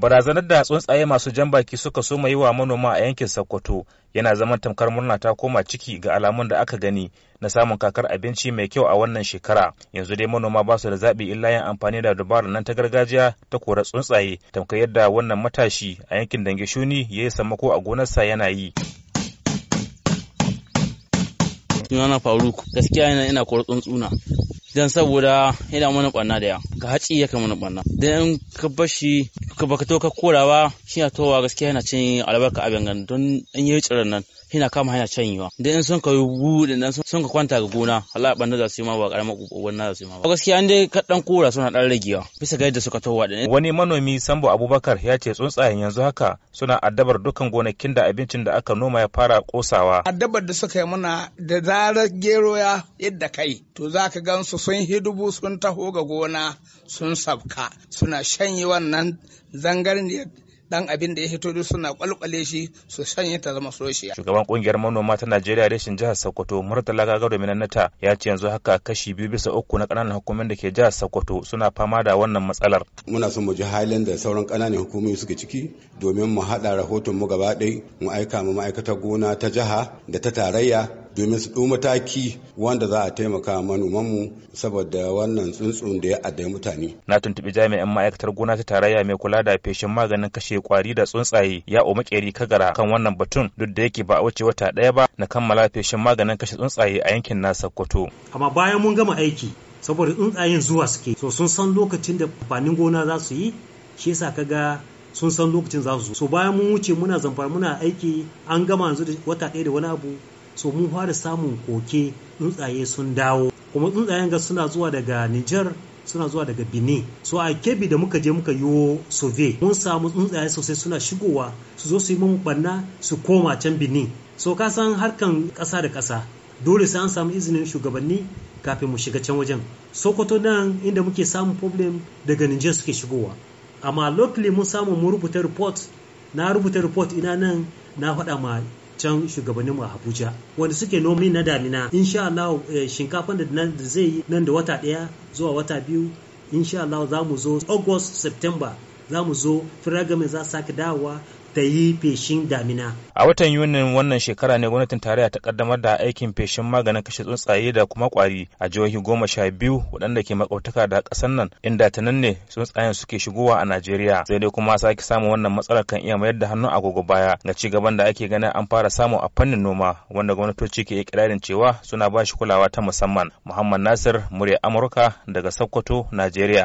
barazanar da tsuntsaye masu jan baki suka soma yi wa manoma a yankin sokoto yana zaman tamkar murna ta koma ciki ga alamun da aka gani na samun kakar abinci mai kyau a wannan shekara yanzu dai manoma ba su da zaɓi illa yin amfani da dabarar nan ta gargajiya ta kora tsuntsaye tamkar yadda wannan matashi a yankin dange shuni ya yi sammako a gonarsa yana yi ana faruk gaskiya yana ina kora tsuntsuna dan saboda yana mana ɓanna da ya ga haci ya mana ɓanna dan ka bashi baka to ka korawa shi na towa gaskiya yana cin albarka abin gan don in yi tsirin nan yana kama yana yiwa da in sun ka yi buɗe nan sun ka kwanta ga gona Allah ban za su yi ma ba karamar kokowar na za su yi ma ba gaskiya an dai ka dan kora suna dan ragewa bisa ga yadda suka towa din wani manomi Sambo Abubakar ya ce tsuntsayen yanzu haka suna addabar dukkan gonakin da abincin da aka noma ya fara kosawa addabar da suka yi mana da zarar gero ya yadda kai to za ka gansu sun hidubu sun taho ga gona sun sabka suna shanyi wannan zangarniyar dan abin da ya hito da suna kwalkwale shi su sanya ta zama soshiya. Shugaban kungiyar manoma ta Najeriya reshin jihar Sokoto Murtala Gagado Minannata ya ce yanzu haka kashi biyu bisa uku na kananan hukumomin da ke jihar Sokoto suna fama da wannan matsalar. Muna son mu ji halin da sauran kananan hukumomi suke ciki domin mu haɗa rahoton mu gaba ɗaya mu aika mu ma'aikatar gona ta jiha da ta tarayya domin su ɗau mataki wanda za a taimaka manomanmu saboda wannan tsuntsun da ya addai mutane. Na tuntuɓi jami'an ma'aikatar gona ta tarayya mai kula da feshin maganin kashe kwari da tsuntsaye ya makeri kagara kan wannan batun duk da yake ba a wuce wata ɗaya ba na kammala feshin maganin kashe tsuntsaye a yankin na Sokoto. Amma bayan mun gama aiki saboda tsuntsayen zuwa suke so sun san lokacin da amfanin gona za su yi shi yasa ga sun san lokacin za su zo so bayan mun wuce muna zamfara muna aiki an gama yanzu wata ɗaya da wani abu so mun fara samun koke tsuntsaye sun dawo kuma tsuntsayen ga suna zuwa daga Nijar suna zuwa daga Benin so a kebi da muka je muka yi survey mun samu tsuntsaye sosai suna shigowa su zo su yi mun barna su koma can Benin so ka san harkan ƙasa da ƙasa dole sai an samu izinin shugabanni kafin mu shiga can wajen sokoto nan inda muke samun problem daga Nijar suke shigowa amma locally mun samu mu rubuta report na rubuta report ina nan na faɗa ma can shugabanninmu a Abuja wanda suke nomi na damina insha Allah eh, shinkafan da zai yi nan da wata daya zuwa wata biyu insha Allah za mu zo August September za mu zo firagamin za sake dawowa ta yi feshin damina. A watan Yunin wannan shekara ne gwamnatin tarayya ta kaddamar da aikin feshin maganin kashe tsuntsaye da kuma kwari a jihohi goma sha biyu waɗanda ke makwabtaka da ƙasar nan inda ta nan ne tsuntsayen suke shigowa a Najeriya sai dai kuma sake samun wannan matsalar kan iya mayar da hannun agogo baya ga ci gaban da ake ganin an fara samu a fannin noma wanda gwamnatoci ke ikirarin cewa suna ba shi kulawa ta musamman. Muhammad Nasir, murya Amurka daga Sokoto, Najeriya.